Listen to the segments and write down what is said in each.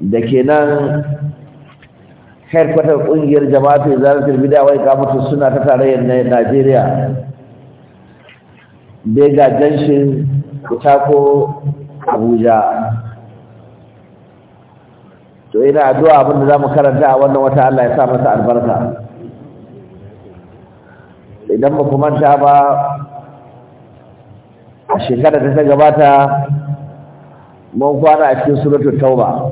da kenan nan headquarter ƙungiyar jama'atu izalatul bid'a wai kamatu suna ta tarayyar Najeriya ga janshin Kutako Abuja to ina addu'a abin da zamu karanta a wannan wata Allah ya sa masa albarka idan ba ku manta ba a shekarar da ta gabata mun fara a cikin suratu tauba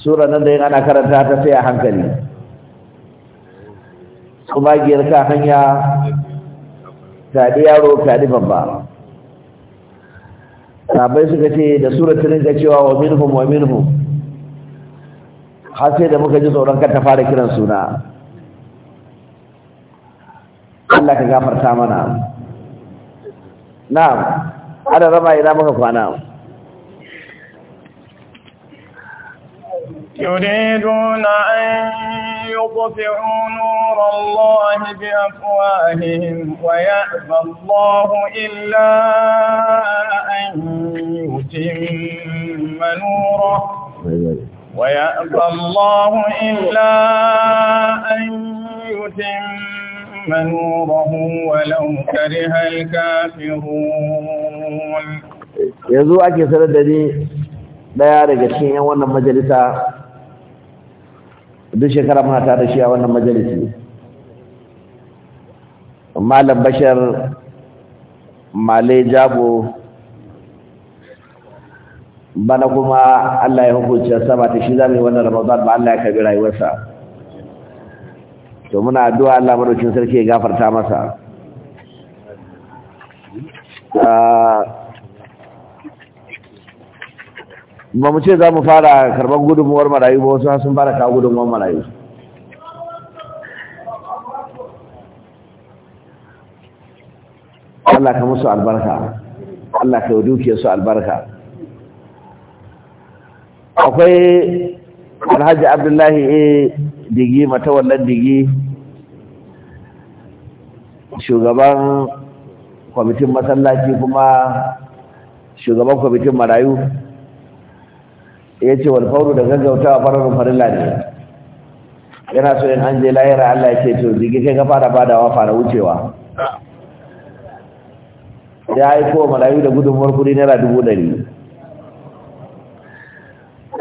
sura nan da yin ana karanta ta fiye a hankali kuma giyar ka hanya taɗi yaro taɗi babba sabai suka ce da suratul ga cewa wa minhum wa minhum har sai da muka ji tsoron kan ta fara kiran suna Allah ka gafarta mana Na. ana rama ina maka kwana يريدون أن يطفئوا نور الله بأفواههم ويأبى الله إلا أن يتم نوره ويأبى الله إلا أن يتم وأتم نوره ولو كره الكافرون yanzu ake sanar da ni daya daga cikin yan wannan majalisa duk shekara muna ta da shi a wannan majalisi malam bashar malai jabo bana kuma allah ya hukunci sama ta shi zama wannan ramadan ba allah ya kabi rayuwarsa to muna addu'a Allah madaukin sarki ya gafarta masa ah, ba mu ce za mu fara karɓar gudunmuwar marayu ba wasu sun fara kawo gudunmuwar marayu Allah ka musu albarka Allah ka dukiyar su albarka akwai alhaji abdullahi a digi wannan digi shugaban kwamitin masallaci kuma shugaban kwamitin marayu ya ce wani fauru da gaggautawa fararun farilla ne yana so yin an je lahira Allah ya ce to zigi kai ka fara badawa fara wucewa ya haifowa marayu da gudunmuwar kudi naira dubu dari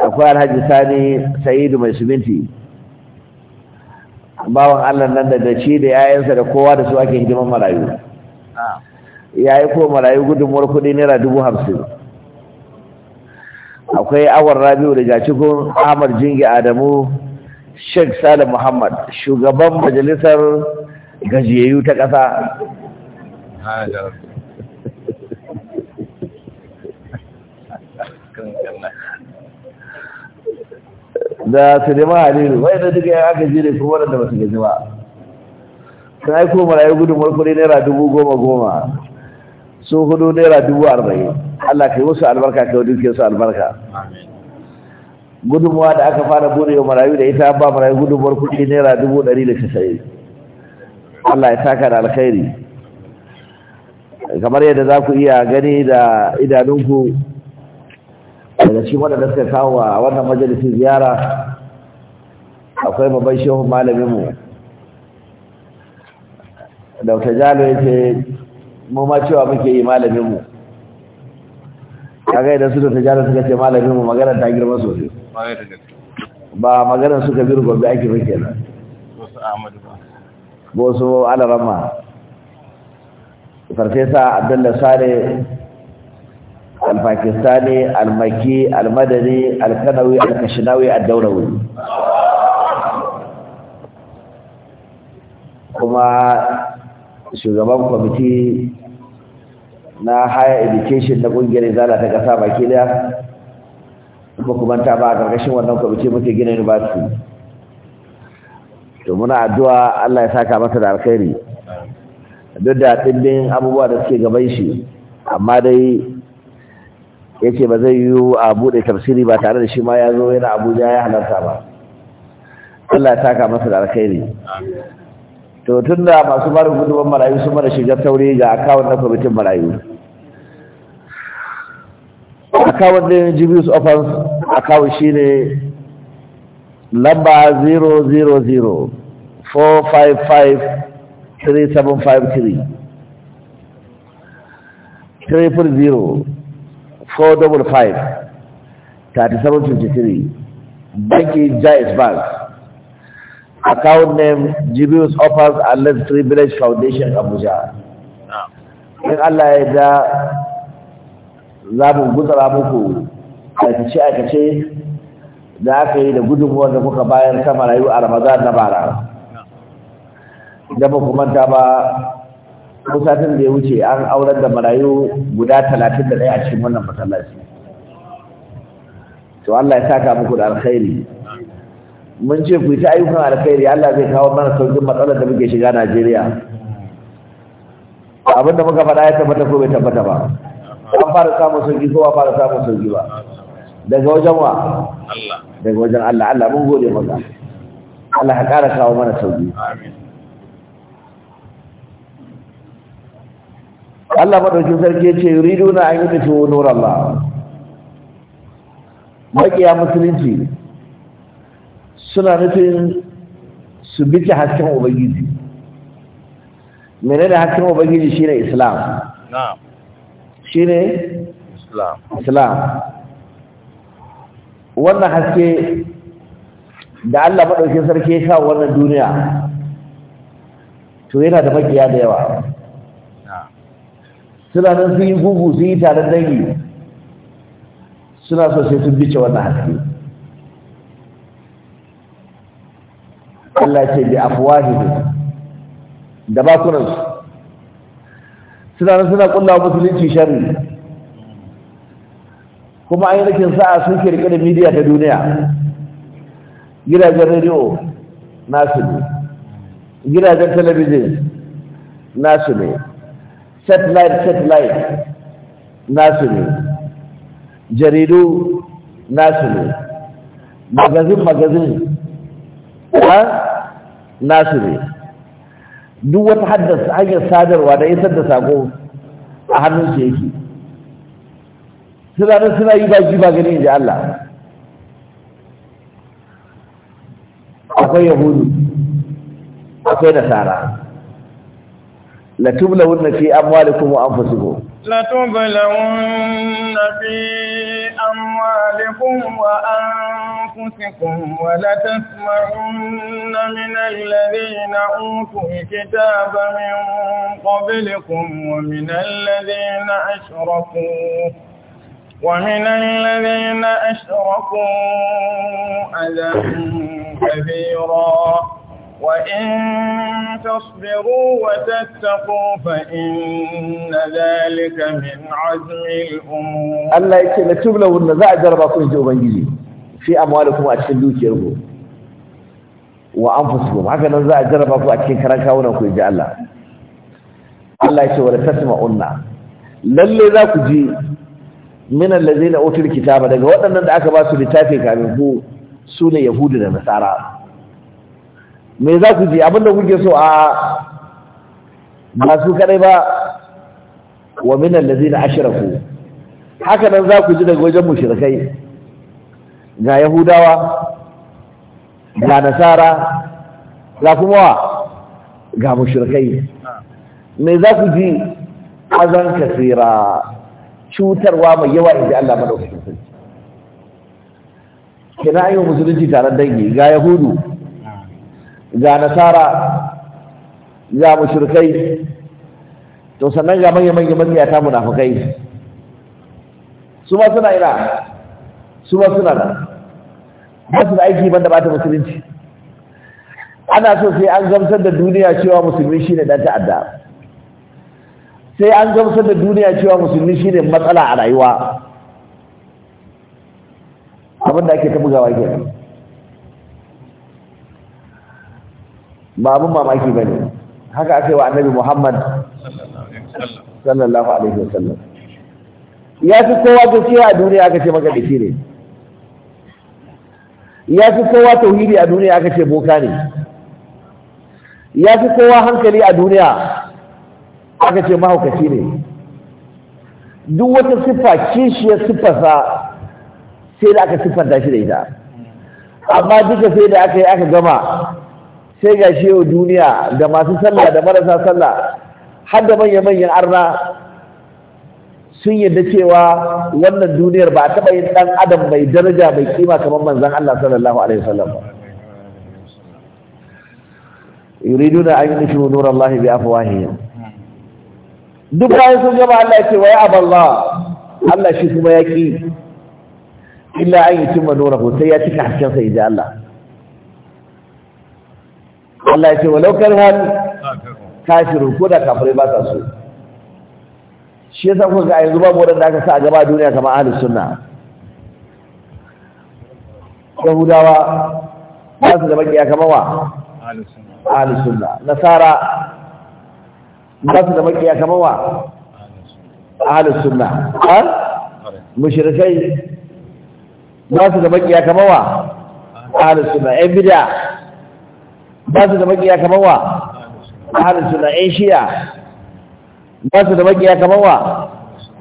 akwai alhaji sani sa'idu mai suminti bawan Allah nan da shi da yayansa da kowa da su ake hidiman marayu ah. ya yi ko marayu gudunmuwar kudi naira dubu hamsin akwai awar rabiu da jacikun ahmad jingi adamu sheikh salim muhammad shugaban majalisar gajiyayyu ta ƙasa da Suleiman Halilu wai da duka yan aka jire kuma wanda masu gaji ba sun aiko marayu gudun warkuri naira dubu goma goma su hudu naira dubu arba'in Allah ka yi musu albarka ka yi dukiyar su albarka gudunmuwa da aka fara bude wa marayu da ita ba marayu gudun warkuri naira dubu ɗari da casa'in Allah ya taka da alkhairi kamar yadda za ku iya gani da idanunku daga wanda da suka kawo a wannan majalisi ziyara akwai babban shehun malaminmu wata jalo ya ce mu ma cewa muke yi malaminmu kaga idan su dr jalo suka ce malaminmu magana ta girma sosai ba magana suka biyu gobe ake fi kenan bosu alarama farfesa abdullahi sare al-pakistani al-maki al-madani al-kanawi al-kashinawi al kuma shugaban kwamiti na higher education na kungiyar izala ta kasa baki daya kuma kuma ta ba a ƙarƙashin wannan kwamiti muke gina university to muna addu'a Allah ya saka masa da alkhairi duk da dimbin abubuwa da suke gaban shi amma dai ya ce ba zai yiwu a buɗe tafsiri ba tare da shi ma ya zo yana abuja ya halarta ba Allah ta taka masa da alkhairi to tun da masu mara gudunman marayu sun mara shigar taure ga akawun na kwamitin marayu akawun ɗin jibius offers akawun shi ne lamba 000 455 3753 triple zero 455 three. Banki Jais Bank account name Jibius Offers and Let's Village Foundation Abuja in Allah ya da za mu gutsara muku aikace-aikace da aka yi da gudunmuwar da kuka bayan ta rayu a Ramadan na bara da ba ku manta ba ko satin da ya wuce an aurar da marayu guda talatin da daya a cikin wannan masallaci to Allah ya saka muku da alkhairi mun ce ku ta ayyukan alkhairi Allah zai kawo mana saukin matsalar da muke shiga Najeriya abin da muka faɗa ya tabbata ko bai tabbata ba an fara samun sauki ko ba fara samun sauki ba daga wajen wa daga wajen Allah Allah mun gode maka Allah ya ƙara kawo mana sauki amin Allah madaukin sarki yace yuriduna an shi nur Allah makiya musulunci suna nufin su bice hasken ubangiji menene hasken ubangiji shine islam na'am shine islam islam wannan haske da Allah madaukin sarki ya kawo wannan duniya to yana da makiya da yawa suna nan sun yi gugu sun yi taron dangi suna so sai sun bice wannan haske Allah ce bi ne, da bakunan su suna nan suna kullawa musulunci sharri kuma an yi rikin sa'a sun ke rike da midiya ta duniya gidajen rediyo nasu ne gidajen talabijin nasu ne satellite satellite nasu ne jaridu nasu ne magazin magazin ha nasu ne duk wata haddasa hanyar sadarwa da isar da sako a hannun su yake suna nan suna yi baki ba gani da Allah akwai yahudu akwai nasara لتبلون في أموالكم وأنفسكم لتبلون في أموالكم وأنفسكم ولتسمعن من الذين أوتوا الكتاب من قبلكم ومن الذين أشركوا ومن الذين أشركوا أذى كثيرا وإن تصبروا وتتقوا فإن ذلك من عزم الأمور الله يكي نكتب له أن ذا أجرب أكون جو بنجي في أموالكم أتشدوك يرغو وأنفسكم هكذا ذا أجرب أكون أتشين كران كاونا كوي جاء الله الله يكي ولا تسمعنا للي ذاك جي من الذين أوتوا الكتاب daga waɗannan da aka ba su littafi kamin ku sune yahudu da nasara me za ku ji abinda kuke so a ba su kadai ba wa minan allazina ashraku haka nan za ku ji daga wajen mushrikai ga yahudawa ga nasara ga kuma ga mushrikai me za ku ji azan kasira cutarwa mai yawa inda Allah madaukakin sarki kina yi musulunci tare dangi ga yahudu ga nasara ga mushrikai to sannan ga manyan manyan ta munafikai su ma suna ina su ma suna nan ba su da aiki banda ba ta musulunci ana so sai an gamsar da duniya cewa musulmi shine dan ta'adda sai an gamsar da duniya cewa musulmi shine matsala a rayuwa abinda da ake ta bugawa kenan ba abin mamaki ba ne haka aka yi wa annabi muhammad sallallahu alaihi wasallam ya fi kowa gaskiya a duniya aka ce maka da shi ne ya fi kowa tauhidi a duniya aka ce boka ne ya fi kowa hankali a duniya aka ce mahaukaci ne duk wata siffa kishiyar siffarsa sai da aka siffanta shi da ita amma duka sai da aka yi aka gama sai ga shi yau duniya da masu sallah da marasa sallah har da manya-manyan arna sun yadda cewa wannan duniyar ba a taɓa yin ɗan adam mai daraja mai kima kamar manzan Allah sallallahu alaihi wasallam ba da an yushiru nur Allah bi afwahihim duk bayan sun gaba Allah ya ce wa ya aballah Allah shi kuma ya ki illa an nura ko sai ya cika hasken sa idan Allah Allah ya ce wa laukar karhan kafiru ko da kafirai ba sa so shi yasa kuka ga yanzu babu wadanda aka sa a gaba duniya kamar ahli sunna yahudawa ba su da makiya kamar wa ahli sunna nasara ba su da makiya kamar wa ahli sunna ha mushrikai ba su da makiya kamar wa ahli sunna ɗan bid'a ba su da makiya kamar wa ahalin suna yan shiya ba su da makiya kamar wa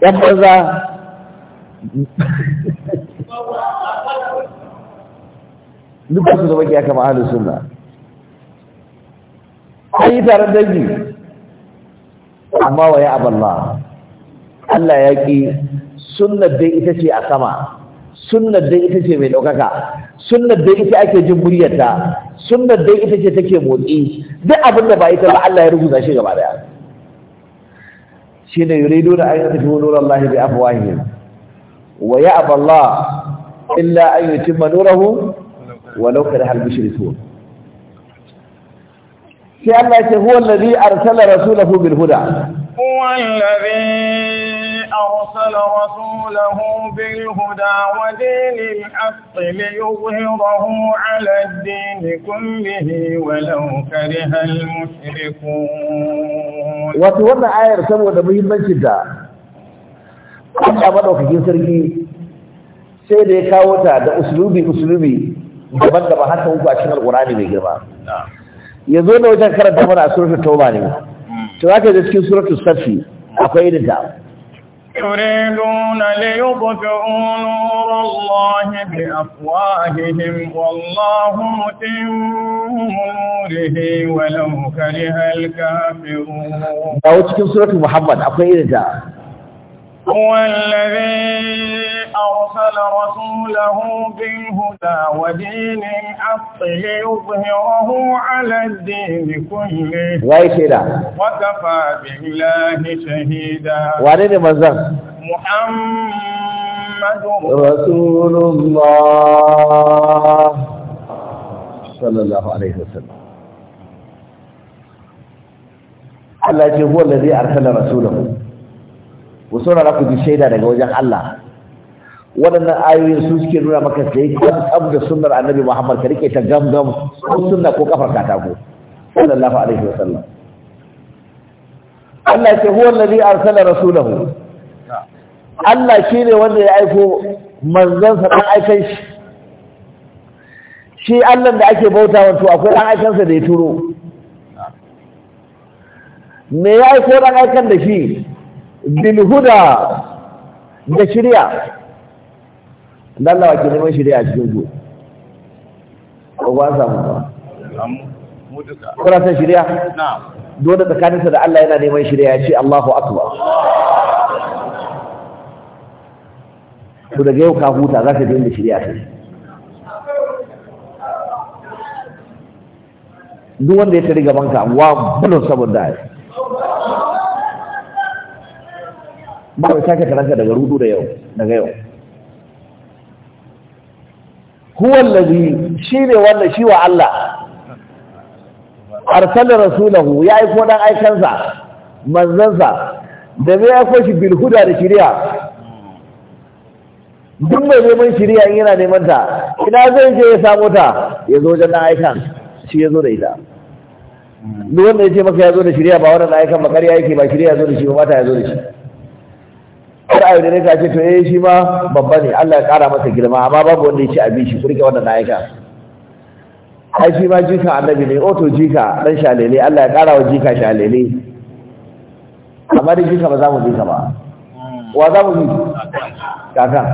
yan banza duk ba su da makiya kamar ahalin suna an yi taron dangi amma wa ya aballa Allah ya ƙi sunnar dai ita ce a sama sunnar dai ita ce mai ɗaukaka sunnar dai ita ake jin muryarta sunnar dai ita ce take motsi duk abin da ba ita ba Allah ya rubuta shi gaba daya shine yuridu da ayatu fi nurallahi bi afwahihim wa ya'ba Allah illa an yutimma nurahu walau karaha al-mushrikun sai Allah ya ce huwa alladhi arsala rasulahu bil huda huwa alladhi أرسل رسوله بالهدى ودين الحق ليظهره على الدين كله ولو كره المشركون وتوانا آية سبوة مهمة جدا Allah madaukakin sarki sai da ya kawo ta da usulubi usulubi daban daban har ta uku a cikin mai girma yanzu da wajen karanta mana suratul tauba ne hmm. to zaka da cikin suratul safi akwai irin ta يريدون ليطفئوا نور الله بأفواههم والله متم نوره ولو كره الكافرون أو تكون سورة محمد أقول إذا هو الذي أرسل رسوله بالهدى ودين الحق ليظهره على الدين كله وكفى بالله شهيدا وعليه مزان محمد رسول الله صلى الله عليه وسلم الله هو الذي أرسل رسوله ku saurara ku ji shaida daga wajen Allah waɗannan ayoyin su suke nuna maka sai kan da sunnar annabi Muhammad ka rike ta gam gam ko sunna ko kafar katako sallallahu alaihi wa sallam Allah ce huwa alladhi arsala rasulahu Allah shine wanda ya aiko manzon sa dan aikan shi shi Allah da ake bauta wato akwai dan aikan sa da ya turo me ya aiko dan aikan da shi bilhuda da shirya lallawa ke neman shirya a cikin zuwa ƙwagwa samu ba kuna shirya dole tsakaninsa da Allah yana neman shirya ya ce Allahu akbar to daga yau ka huta za ka dinga shirya ta duk wanda ya tari gaban ka wa bulun saboda ya ba wai sake karanta daga rudu da yau daga yau huwa allazi shine wanda shi wa Allah arsala rasulahu ya aiko dan aikansa manzansa da bai aiko shi bil huda da shari'a duk mai neman shari'a in yana neman ta ina zai je ya samu ta ya zo wajen dan aikan shi ya zo da ita duk wanda ya ce maka ya zo da shari'a ba wannan aikan ba kariya yake ba shari'a ya zo da shi ba mata ya zo da shi kar a dare ka ce to eh shi ma babba ne Allah ya kara masa girma amma babu wanda ya ci abin shi kurke wannan ayyuka ai shi ma jika annabi ne oto oh, jika dan shalele Allah ya kara wa jika shalele amma dai jika ba za mu jika ba wa za mu ji? kakan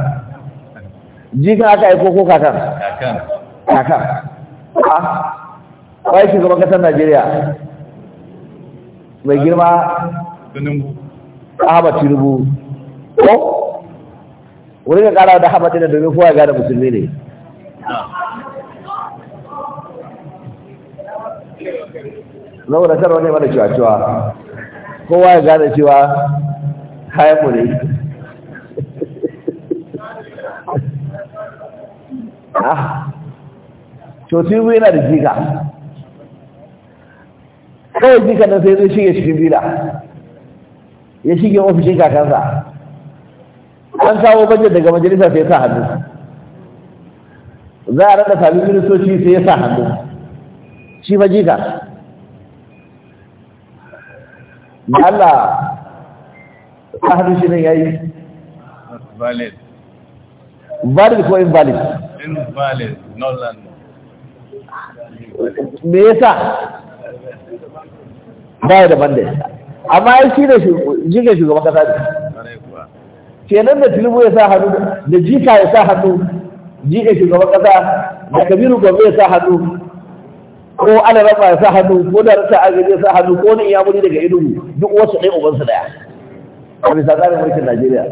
jika aka yi ko kakan kakan kakan a wai shugaban kasar Najeriya mai girma Ahmad Tinubu ko wurin ka kara da hamata da domin fuwa gane musulmi ne na da sarwa ne mana cewa cewa kowa ya gane cewa kayan mu ne ah cotibu yana da jika kawai jika nan sai zai shiga cikin bila ya shige ofishin kakansa an kawo bajet daga majalisa sai ya sa hannu za a rada sami ministoci sai ya sa hannu shi fa jika da Allah ta hannu shi nan yayi valid valid ko invalid invalid nolan me yasa ba da bandai amma shi ne jiga shugaban kasa ne kenan da tilibu ya sa hannu da jika ya sa hannu jika shugaban kasa da kabiru gobe ya sa hannu ko ana raba ya sa hannu ko da rasa agaji ya sa hannu ko wani ya muni daga idu duk wasu ɗaya su daya a bisa tsarin mulkin najeriya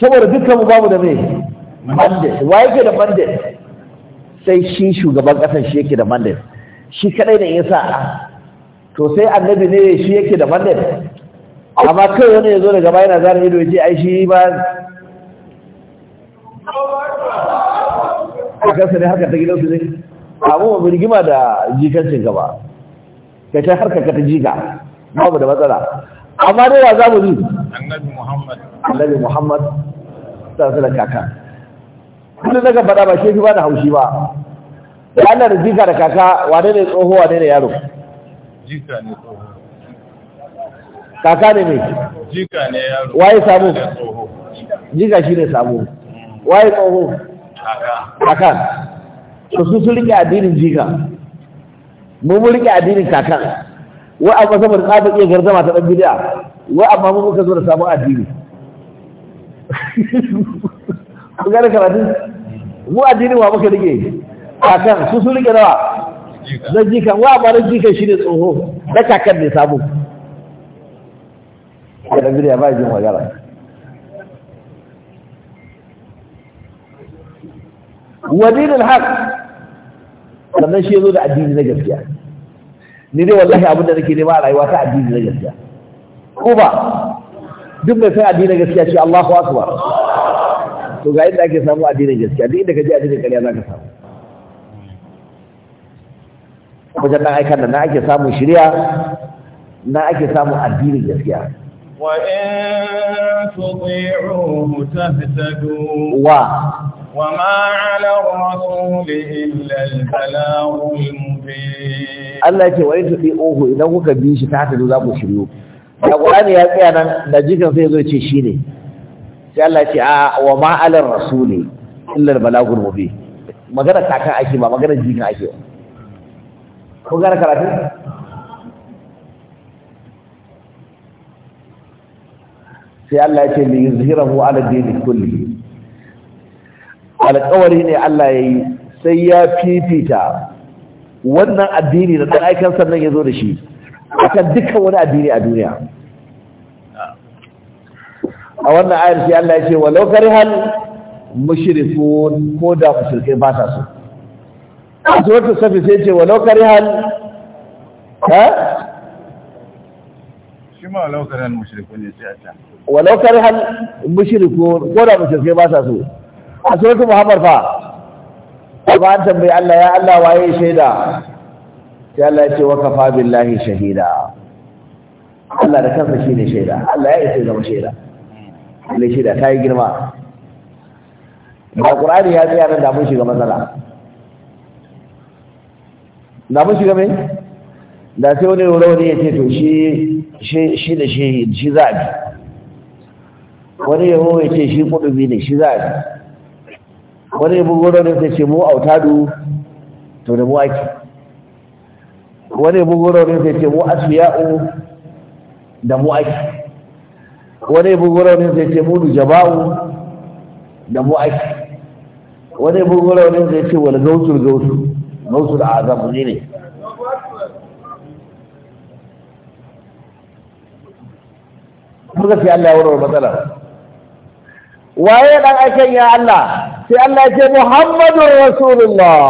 saboda dukkan mu babu da me mandate wa yake da mandate sai shi shugaban kasan shi yake da mandate shi kadai ne yasa to sai annabi ne shi yake da mandate amma kai wani ya zo daga bayan na ido ya ce a shi ba a kansa ne harkar ta gidansu ne abu ba rigima da jikancin gaba ba ka ta harka ka ta jika babu da matsala amma dai wa za mu ji annabi muhammad annabi muhammad sallallahu kaka kudin daga faɗa ba shi ba da haushi ba da annar jika da kaka wane ne tsoho wane ne yaro jika ne tsoho kaka ne mai jika ne yaro waye sabo jika shi ne sabo waye tsoho kaka to su su rike addinin jika mu mu rike addinin kakan wai amma saboda tsabar iya garzama ta ɗan bid'a wai amma mu muka zo da sabon addini ku gane karatun mu addini wa muka rike kakan su su rike nawa zan jika wa amma da jika shi ne tsoho da kakan ne sabo da biriya ba jin magana wadin alhaq sannan shi yazo da addini na gaskiya ni dai wallahi abin da nake nema a rayuwa ta addini na gaskiya ko ba duk mai san addini na gaskiya ce Allahu akbar to ga inda ake samu addinin gaskiya duk inda ka ji addinin ƙarya za ka samu wajen nan aikan da na ake samun shirya na ake samun addinin gaskiya Wa 'yansu gwaico ta duka. Wa. Wa macala masuli in lalgalawa yunfe. Allah ce wa idan kuka bi yin shi ta haca, to za mu shiru. Balaqudani ya tsaya Allah ce a'a wa ma'anar rasuli. Idan lallan ba na gurgufe. kakan a ba, maganar jirgin a ba. Kuna gara karatu? sai Allah ya ce li yuzhirahu ala dini kulli alƙawari ne Allah ya yi sai ya fifita wannan addini da dan aikan sannan ya zo da shi akan dukkan wani addini a duniya a wannan ayar sai Allah ya ce walau karihal mushrikun ko da mushrikai ba sa so a suratul safi sai ce walau karihal ha Shima laukar hal mushriku ne sai a can. hal ko da mushrikai ba sa so. A su Muhammad fa. Ba an tambayi Allah ya Allah waye shaida. Sai Allah ya ce wa kafa billahi shahida. Allah da kansa shine shaida. Allah ya isa zama shaida. Ne shaida ta yi girma. Da Qur'ani ya tsaya nan da mun shiga matsala. Da mun shiga mai? Da sai wani rawani ya ce to shi shi da shi za a bi wani yabo ya ce shi kudubi ne shi za a bi wani yabo goro ne ce mu autadu to da mu wani yabo goro ne ce mu asfiya'u da mu wani yabo goro ne ce mu dujaba'u da mu wani yabo goro ne ce wal gausul gausul gausul azam ne ne kuma sai Allah ya warware matsala waye dan aikin ya Allah sai Allah ya ce Muhammadur Rasulullah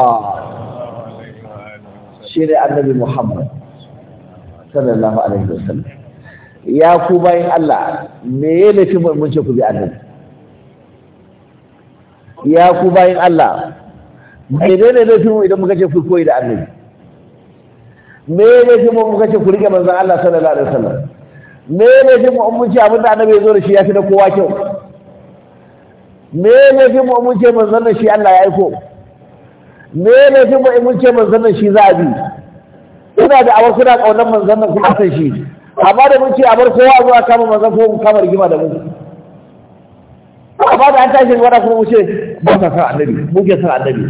shi ne annabi Muhammad sallallahu alaihi wasallam ya ku bayin Allah me ya lafi mun ce ku bi annabi ya ku bayin Allah me ne ne lafi mu idan muka ce ku koyi da annabi me ne lafi mu muka ce ku rike manzon Allah sallallahu alaihi wasallam me ne fi mu mun ce abin da annabi ya zo da shi ya fi na kowa kyau me ne fi mu mun ce manzon da shi Allah ya aiko me ne fi mu mun ce manzon da shi za a bi kuna da awar kuna kaunar manzon nan kuma san shi amma da mun ce a bar kowa zuwa kama manzon ko mu kama rigima da mu amma da an tashi gwada kuma mu ce ba ka san annabi mu ke san annabi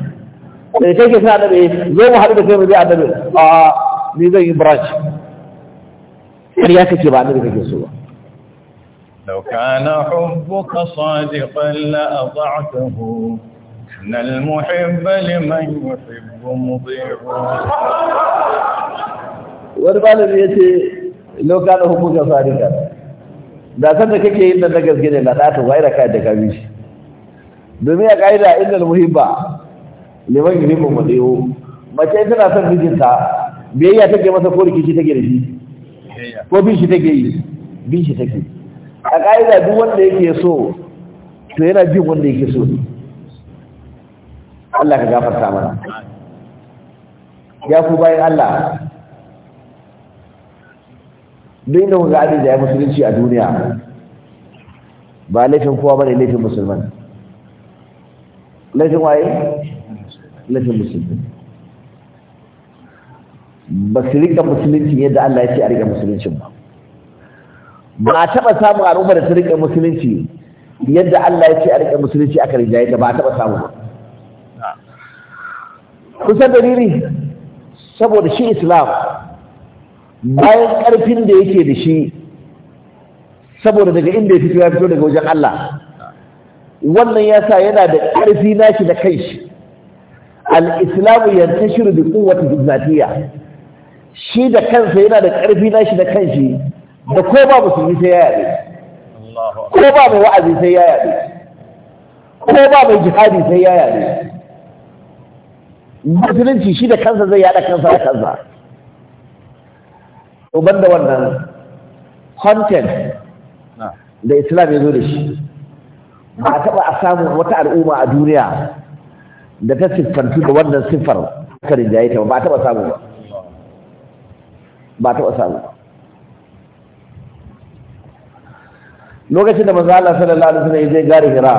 da eh, kai ke san annabi eh, zo mu haɗu da kai mu bi annabi a ni zan yi branch ƙarya kake ba da kake so ba لو كان حبك صادقا لأطعته إن المحب لمن يحب مطيع وربال يتي لو كان حبك صادقا da san da kake yi nan na gaske ne na ɗata waira kai da kabi shi domin a ƙa'ida inda muhibba liman yuhibbu muti'u mace tana son mijinta biyayya take masa ko rikici ke da shi ko bin shi take yi bin shi take a ƙa'ida duk wanda yake so to yana bin wanda yake so Allah ka gafarta mana ya ku bayan Allah duk inda kuka abin da ya musulunci a duniya ba laifin kowa ba ne laifin musulman laifin waye laifin musulman ba su rika musulunci yadda Allah ya ce a rika musuluncin ba ba a taɓa samun al'umma da su rika musulunci yadda Allah ya ce a rika musulunci aka rinjaye yadda ba a taɓa samu ba kusan dalili saboda shi islam bayan ƙarfin da yake da shi saboda daga inda ya fito ya fito daga wajen Allah wannan ya sa yana da ƙarfi nashi da shi. al-islamu yantashiru bi quwwati dhatiyya shi da kansa yana da ƙarfi na shi da kanshi da ko ba musulmi sai ya yaɗe ko ba mai wa'azi sai ya yaɗe ko ba mai jihadi sai ya yaɗe musulunci shi da kansa zai yaɗa kansa da kansa to da wannan content da islam ya zo da shi ba a taɓa a samu wata al'umma a duniya da ta siffantu da wannan siffar karin yi ta ba a taɓa samu ba ba ta wasa ba. lokacin da maza Allah sallallahu alaihi wasallam ya je gari Hira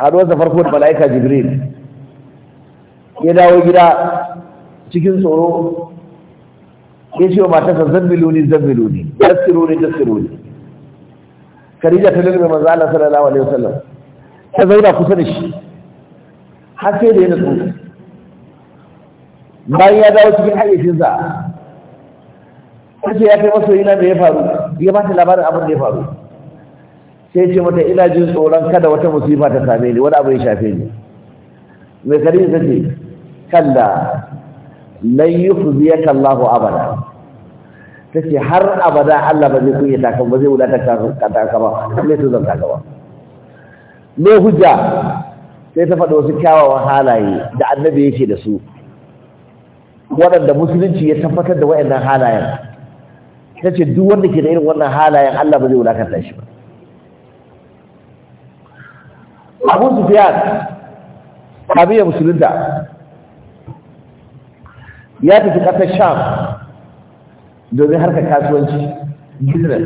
a ruwan farko da malaika Jibril ya dawo gida cikin tsoro ya ce wa matarsa zambiluni zambiluni dasiruni dasiruni Khadija ta lulluɓe maza Allah sallallahu alaihi wasallam ta zauna kusa da shi har sai da ya tsoro bayan ya dawo cikin hayyacinsa kace ya kai masoyi na da ya faru ya ba ta labarin abin da ya faru sai ce mata ina jin tsoron kada wata musifa ta same ni wani abu ya shafe ni mai kari ta ce kalla lan yukhziyaka Allahu abada ce har abada Allah ba zai kunya ta kan ba zai wulata ka ta ka ba kuma ya zanta ka ba mai hujja sai ta faɗa wasu kyawawan halaye da annabi yake da su waɗanda musulunci ya tabbatar da waɗannan halayen ta ce duk wanda ke da irin wannan halayen Allah ba zai wulakanta shi ba Abu Sufyan abin ya musulunta ya tafi ƙasar Sham domin harkar kasuwanci gizirar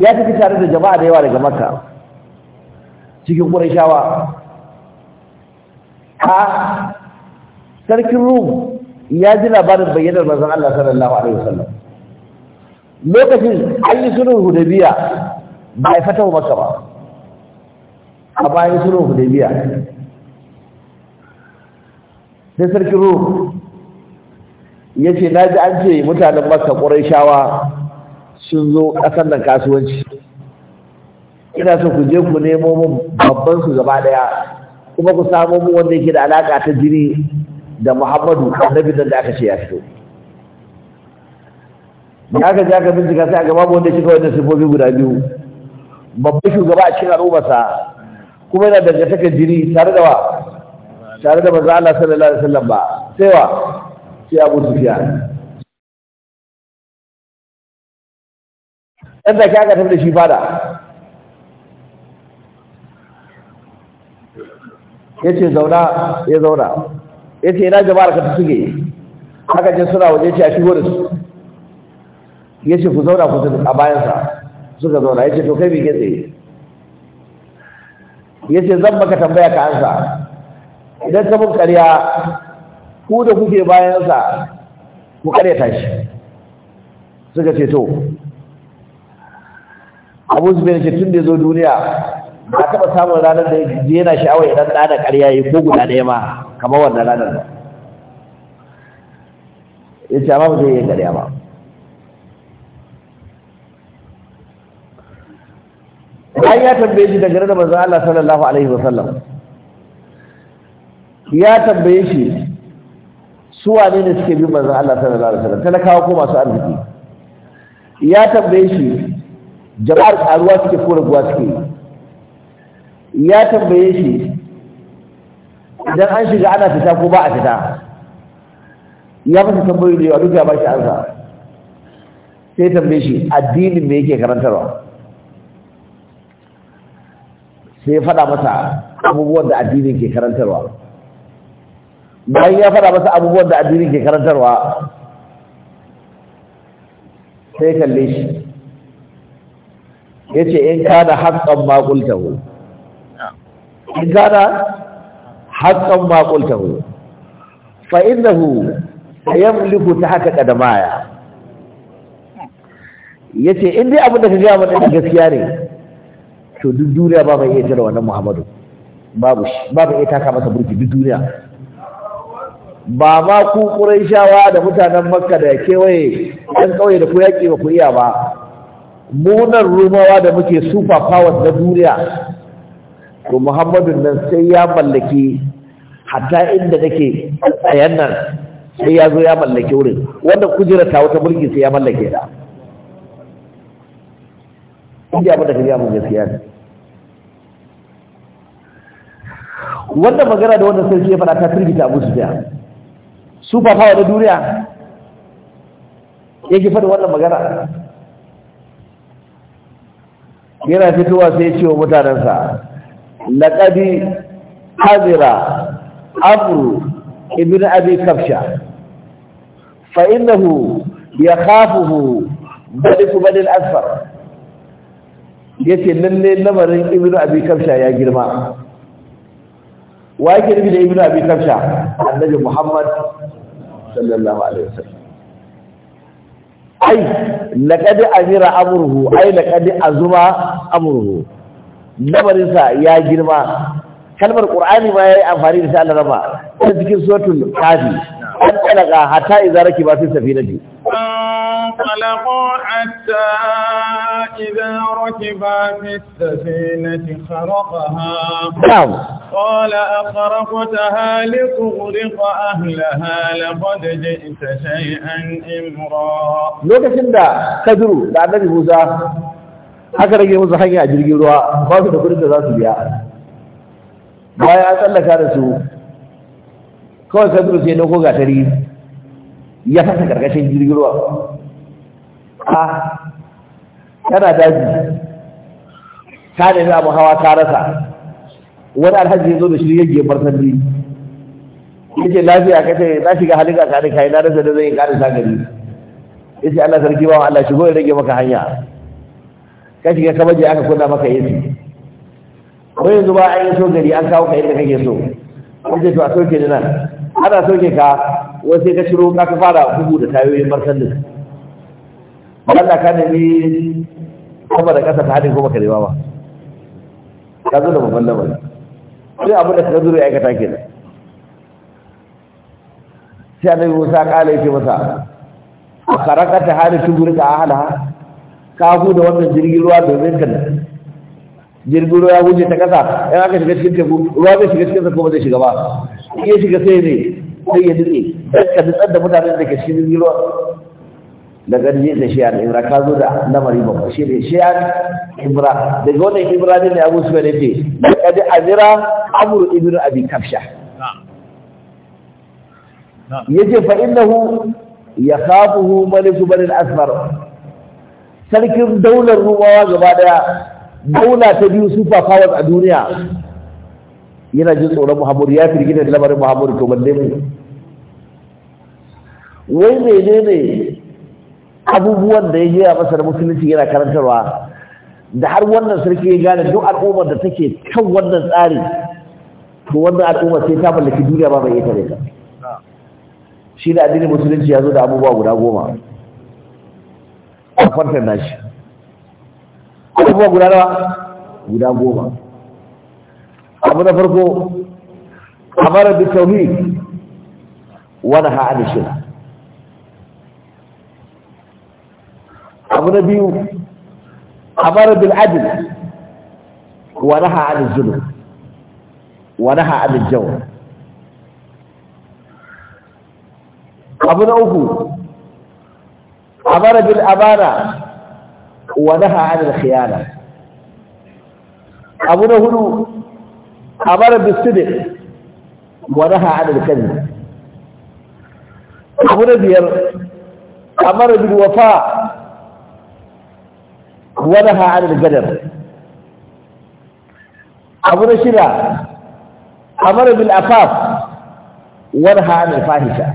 ya tafi tare da jama'a da yawa daga Makka cikin shawa. a sarkin rum ya ji labarin bayyanar manzon Allah sallallahu alaihi wasallam lokacin an yi hudabiya ba a fata maka ba a bayan sulhun hudabiya sai sarkin rum ya ce na ji an ce mutanen maka ƙurai shawa sun zo ƙasar nan kasuwanci ina so ku je ku nemo min babban su gaba ɗaya kuma ku samu mu wanda yake da alaka ta jini da Muhammadu annabi da aka ce ya fito da aka ja ka bincika sai ga babu wanda ya wannan sifofi guda biyu babban shugaba a cikin al'umma sa, kuma yana take jini tare da wa tare da manzo Allah sallallahu alaihi wasallam ba sai wa sai Abu Sufyan dan da kaga tafi da shi fada Ya ce zauna ya zauna ya ce yana jama'ar ka ta suke haka ce suna waje ce a shigo da su ce ku zauna ku a bayansa suka zauna ya ce to kai me tsaye ya ce zan maka tambaya ka ansa idan ka mun karya ku da kuke bayansa ku ƙaryata shi suka ce to Abu Zubair ce tun da zo duniya ba taɓa samun ranar da yana sha'awar idan ɗa da ƙarya yi ko guda ɗaya ma kamar wannan ranar ba ya ce amma ba zai yi ƙarya ba an ya tambaye shi daga ranar manzon Allah sallallahu alaihi wa sallam ya tambaye shi su wane ne suke bin manzon Allah sallallahu alaihi wa sallam talakawa ko masu arziki ya tambaye shi jama'ar karuwa suke ko raguwa suke ya tambaye shi idan an shiga ana fita ko ba a fita ya masa tambayoyi da yawa duk ya ba shi ansa sai tambaye shi addinin me yake karantarwa sai ya faɗa masa abubuwan da addinin ke karantarwa bayan ya faɗa masa abubuwan da addinin ke karantarwa sai kalle shi ya ce in ka da haƙƙan maƙultahu in kana haqqan ma qultahu fa innahu yamliku tahta yace in dai abin da ka gaya da gaskiya ne to duk duniya ba mai iya tare wannan Muhammadu babu shi babu iya taka masa burki duk duniya ba ba ku Qurayshawa da mutanen Makka da kewaye dan kauye da ku yake ba ku iya ba mu nan Rumawa da muke super powers na duniya to muhammadu nan sai ya mallaki hatta inda nake a nan sai ya zo ya mallaki wurin wanda kujerar ta wata mulki sai ya mallake da inda abin da ka gaya mun gaskiya ne wanda magana da wanda sarki ya faɗa ta firgita abu su su super power da duniya yake faɗa wannan magana yana fitowa sai ya ce wa mutanensa لقد حذر عمرو ابن أبي كبشة فإنه يخافه ملك بني الأسفر yace lalle lamarin ibnu abi ya girma wa yake da ibnu abi kafsha annabi muhammad sallallahu alaihi wasallam ai laqad amira amruhu ai laqad azuma amruhu labarinsa ya girma kalmar qur'ani ma yayi amfani da shi Allah ta cikin sotun kafi an talaqa hatta idza rakiba fi safinati talaqa hatta idza rakiba fi safinati kharaqaha قال أخرقتها aka rage musu hanya a jirgin ruwa ba su da kudin da za su biya baya an tsallaka da su kawai kabiru sai dauko gatari ya fasa karkashin jirgin ruwa a tana daji ta nemi zama hawa ta rasa wani alhaji ya zo da shi yake bar ya ce lafiya ce na shiga halin ka kai na rasa da zai ƙara sa gari yace Allah sarki ba Allah shigo ya rage maka hanya ka shiga ka baje aka kunna maka yesu ko yanzu ba an yi so gari an kawo ka inda kake so ko ce to a soke ni nan ana soke ka wai sai ka shiro ka ka fara bugu da tayoyin martandin Allah ka nemi kuma da kasa ta hadin kuma ka rewa ba ka zo da babban lamari sai abu da ka zuru aikata kenan sai annabi Musa kala yake masa a karakata hali tugurka ahalaha ka da wannan jirgin ruwa domin ka jirgin ruwa wuce ta kasa ya ka shiga cikin teku ruwa zai shiga cikin sa kuma zai shiga ba in ya shiga sai ne sai ya dutse sai ka dutsar da mutanen da ke cikin jirgin ruwa da gani da shi an ka zo da lamari ba shi ne shi an ibra daga wannan ibra ne abu su ne ce da kadi amira amru ibnu abi kafsha yace fa innahu yakhafuhu maliku bani al-asfar sarkin daular rumawa gaba daya daula ta biyu super powers a duniya yana jin tsoron muhammadu ya fi da lamarin muhammadu to balle mu wai menene abubuwan da ya gaya a masar musulunci yana karantarwa da har wannan sarki ya gane duk al'ummar da take kan wannan tsari to wannan al'ummar sai ta mallaki duniya ba bai ita ne ka shi da addinin musulunci ya zo da abubuwa guda goma a farta na shi abubuwa guda nawa guda goma abu na farko amara bi tauhid wa naha an shirk abu na biyu amara bil adl wa naha an zulm wa naha an jawr abu na uku أمر بالأمانة ونهى عن الخيانة أبو نهر أمر بالصدق ونهى عن الكذب أبو نبير أمر بالوفاء ونهى عن الجدر أبو نشرة أمر بالأفاف ونهى عن الفاحشة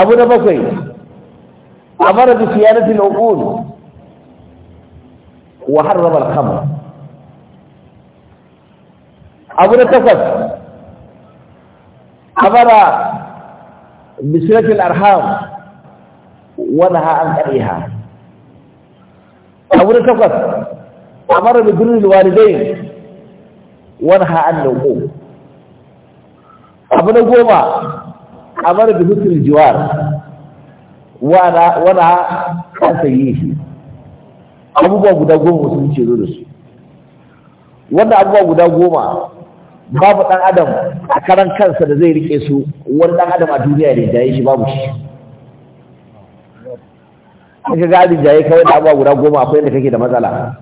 abu na bakwai amara bi siyanati al-uqul wa harrama al-khamr abu na takwas amara bi silati al-arham wa naha an qariha abu na takwas amara bi birri al-walidayn wa naha an al-uqul abu na goma Amar da hukun jiwar wana wana an shi abubuwa guda goma sun ce zo da su wanda abubuwa guda goma babu ɗan adam a karan kansa da zai rike su wani ɗan adam a duniya da jaye shi babu shi kaga gadi jaye kawai da abubuwa guda goma akwai yadda kake da matsala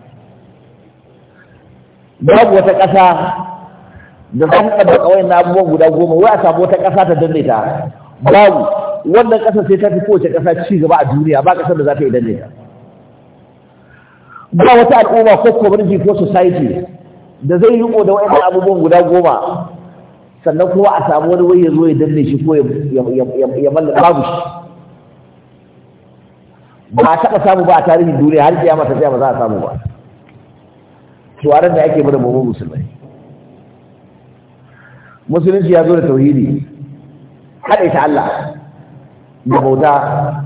babu wata ƙasa da zan kada kawai na abubuwan guda goma wai a samu wata ƙasa ta danne ta babu wannan ƙasa sai ta fi kowace ƙasa ci gaba a duniya ba ƙasar da za ta yi danne ta ba wata al'umma ko community ko society da zai yi da wa'in abubuwan guda goma sannan kuma a samu wani wai ya zo ya danne shi ko ya mallaka babu shi ba a taɓa samu ba a tarihin duniya har kiyama ta tsaya ba za a samu ba to a da ake mana mummun musulmai musulunci ya zo da tauhidi haɗe ta Allah da bauta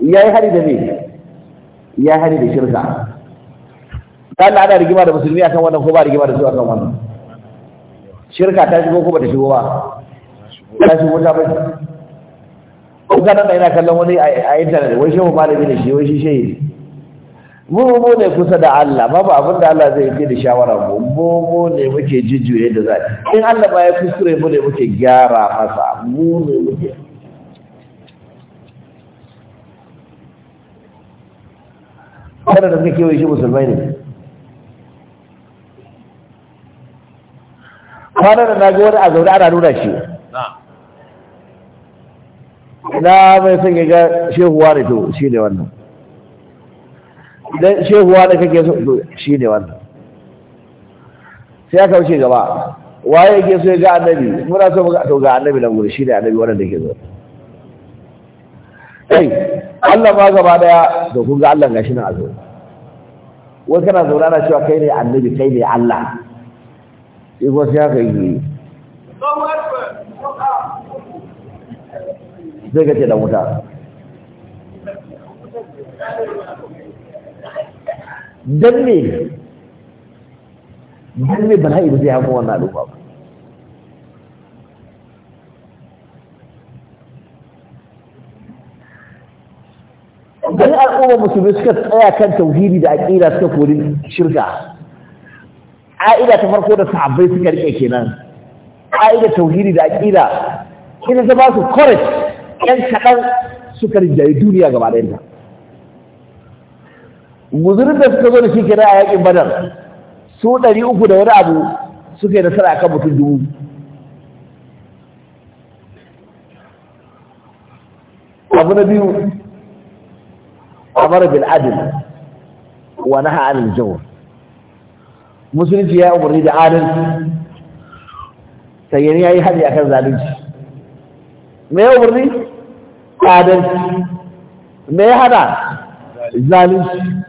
ya yi hari da me ya yi hari da shirka ta Allah ana rigima da musulmi akan wannan ko ba rigima da su akan wannan shirka ta shigo ko ba ta shigo ba ta shigo ta ba ko kana ina kallon wani a intanet wai shehu malami ne shi wai shi shehu mu mu ne kusa da Allah babu abin da Allah zai yi da shawara mu mu mu ne muke jujjuye da zai in Allah ba ya kuskure mu ne muke gyara masa mu ne muke kada da suka kewaye shi musulmai ne kwanan da na ga wani a zaune ana nuna shi na mai son ya ga shehuwa ne to shi ne wannan idan Shehu wa da kake so shi ne wannan sai aka wuce gaba waye yake so ya ga annabi muna so mu ga to ga annabi nan shi ne annabi wannan da ke so kai Allah ma gaba daya to kun ga Allah gashi nan a wai kana zauna na cewa kai ne annabi kai ne Allah sai ko sai aka yi zai ka ce da wuta dan me dan me bala'i ba zai hafa wannan ba dan al'umma musulmi suka tsaya kan tauhidi da aƙira suka kori shirka a'ida ta farko da sahabbai suka rike kenan a'ida tauhidi da aƙira ina ta ba su courage yan kaɗan suka rinjaye duniya gaba ɗayanta guzurin da suka zo da shi ke a yakin badar su ɗari uku da wani abu suke da nasara akan mutum dubu abu na biyu amara bin adil wa na ha'anin jawr musulunci ya umarni da adalci sayyani hajji a akan zalunci me ya umarni adil me ya zalunci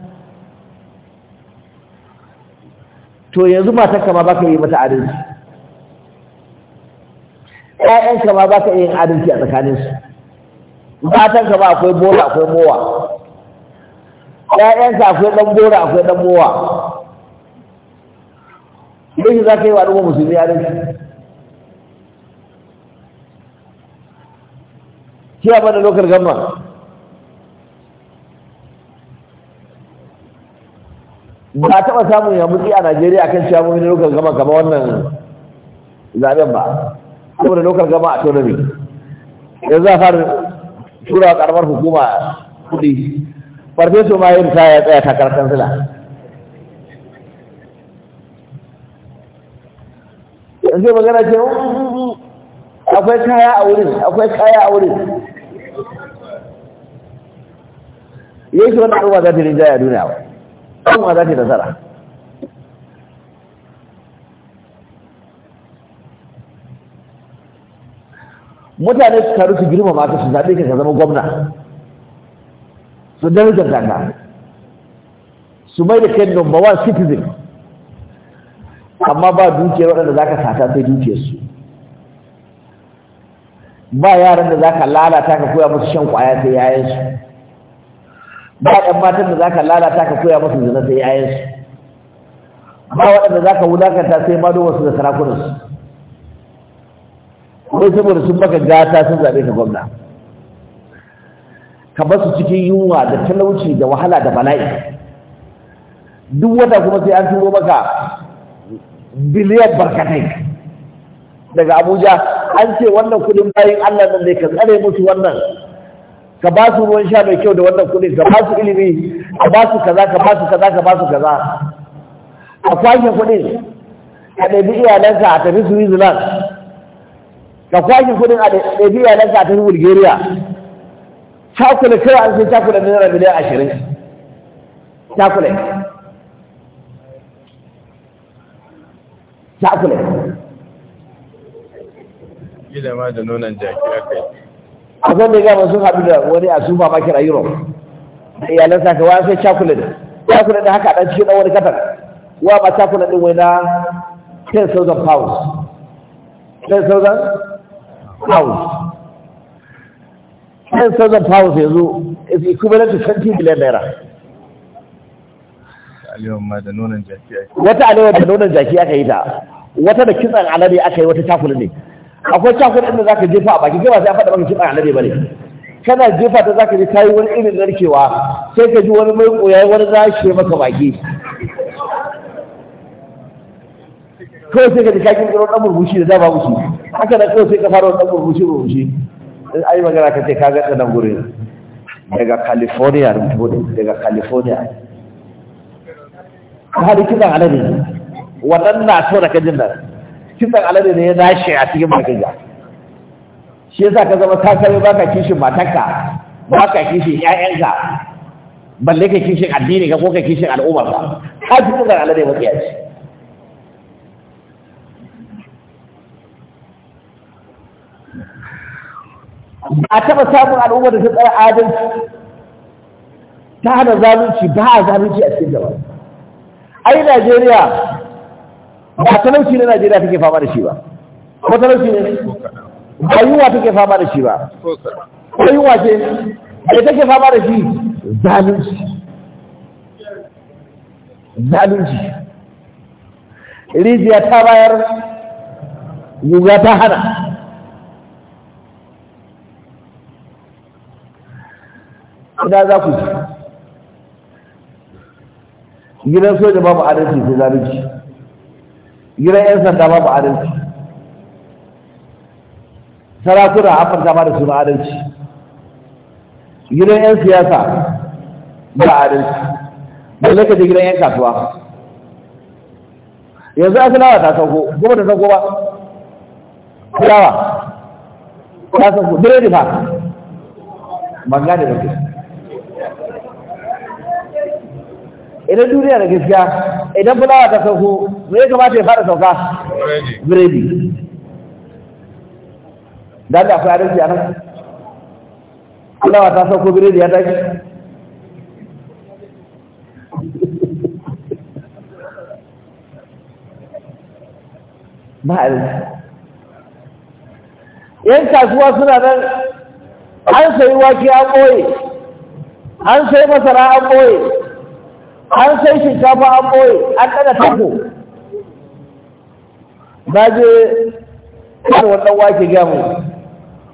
to yanzu matarka ma ka yi mata adalci ƴaƴanka ma baka yin adalci a tsakaninsu matanka ma akwai bola akwai mowa ƴaƴanka akwai ɗan bola akwai ɗan mowa yanzu za ka yi wa ɗan musulmi adalci shi a mana lokar gamma ba taɓa samun yamutsi a najeriya kan shamomi yi lokal gama kama wannan zaben ba saboda lokal gama a tonomi za a fara tura karamar hukuma kudi farfesu ma yin ta ya tsaya takarar kansila yanzu magana ce mm, akwai kaya a wurin akwai kaya a wurin yake wani abubuwa za ta rinjaya duniya ba kuma za ta nasara mutane su taru su girma maka su zaɓe ka zama gwamna su darajar ka su mai da kai number one citizen amma ba dukiyar waɗanda za ka sata sai dukiyarsu ba yaran da za ka lalata ka koya musu shan ƙwaya sai su ba ɗan matan da za ka lalata ka koya musu zina sai ayansu ba waɗanda zaka wulakanta sai ma don wasu da sarakunansu wai saboda sun baka gata sun zaɓe ka gwamna ka basu cikin yunwa da talauci da wahala da bala'i duk wata kuma sai an turo maka biliyan barkatai daga abuja an ce wannan kudin bayan allah nan ne ka tsare musu wannan ka ba su ruwan sha mai kyau da wannan kuɗin ka ba su ilimi ka ba su kaza ka ba su kaza ka ba su kaza a kwashe kuɗin ka ɗabi iyalanka a tafi switzerland ka kwashe kuɗin a ɗabi iyalanka a tafi bulgaria cakula kawai an sai cakula naira miliyan ashirin cakula cakula Gida ma da nonon jaki aka yi. abin da gama sun haɗu da wani a su mamaki a europe da iyalan saka wa sai cakulet cakulet da haka ɗan cikin ɗan wani katar wa ba cakulet ɗin wai na 10,000 pounds 10,000 pounds 10,000 pounds yanzu is equivalent to 20 billion naira wata alewar da nonon jaki aka yi ta wata da kitsan alade aka yi wata cakulet ne akwai cakon inda za ka jefa a baki kai ba sai an faɗa maka kitsan annabi ba ne kana jefa ta za ka ji kayi wani irin narkewa sai ka ji wani mai koyayi wani zashe maka baki kawai sai ka ji kakin gano ɗan murmushi da zaba mushi haka da kawai sai ka fara ɗan murmushi murmushi in ayi magana ka ce ka ga ɗan gurin daga california daga california ka haɗu kiɗan annabi waɗannan na so da kajin nan kitsan alade da ya dashe a cikin bakayya shi yasa ka zama ba ka kishin matarka ka kishin ƴaƴanka balle ka kishin addini ka ko ka kishin al'umma ba ka ji kitsan alade ba ya ce a taɓa samun al'umma da ta tsara adalci ta hana zalunci ba a zalunci a cikin jama'a ai Najeriya ba talauci na Najeriya take fama da shi ba ko talauci ne ba yunwa take fama da shi ba ko yunwa ce da take fama da shi zalunci zalunci rijiya ta bayar guga ta hana ina za ku ji gidan soja babu adalci sai zalunci gidan 'yan sanda babu adalci sarakuna afirka ba da suna adalci gidan 'yan siyasa ba adalci balle ka je gidan 'yan kasuwa yanzu a filawa ta sauko goma da sauko ba filawa ta sauko biredi ba magana da gaske idan duniya da gaskiya idan fulawa ta sauko me ya kamata ya fara sauka biredi da da akwai adalci a nan fulawa ta sauko biredi ya tashi ba yan kasuwa suna nan an sayi wake an ɓoye an sayi masara an ɓoye an sai shinkafa an ɓoye an ɗaga tako na je kan wannan wake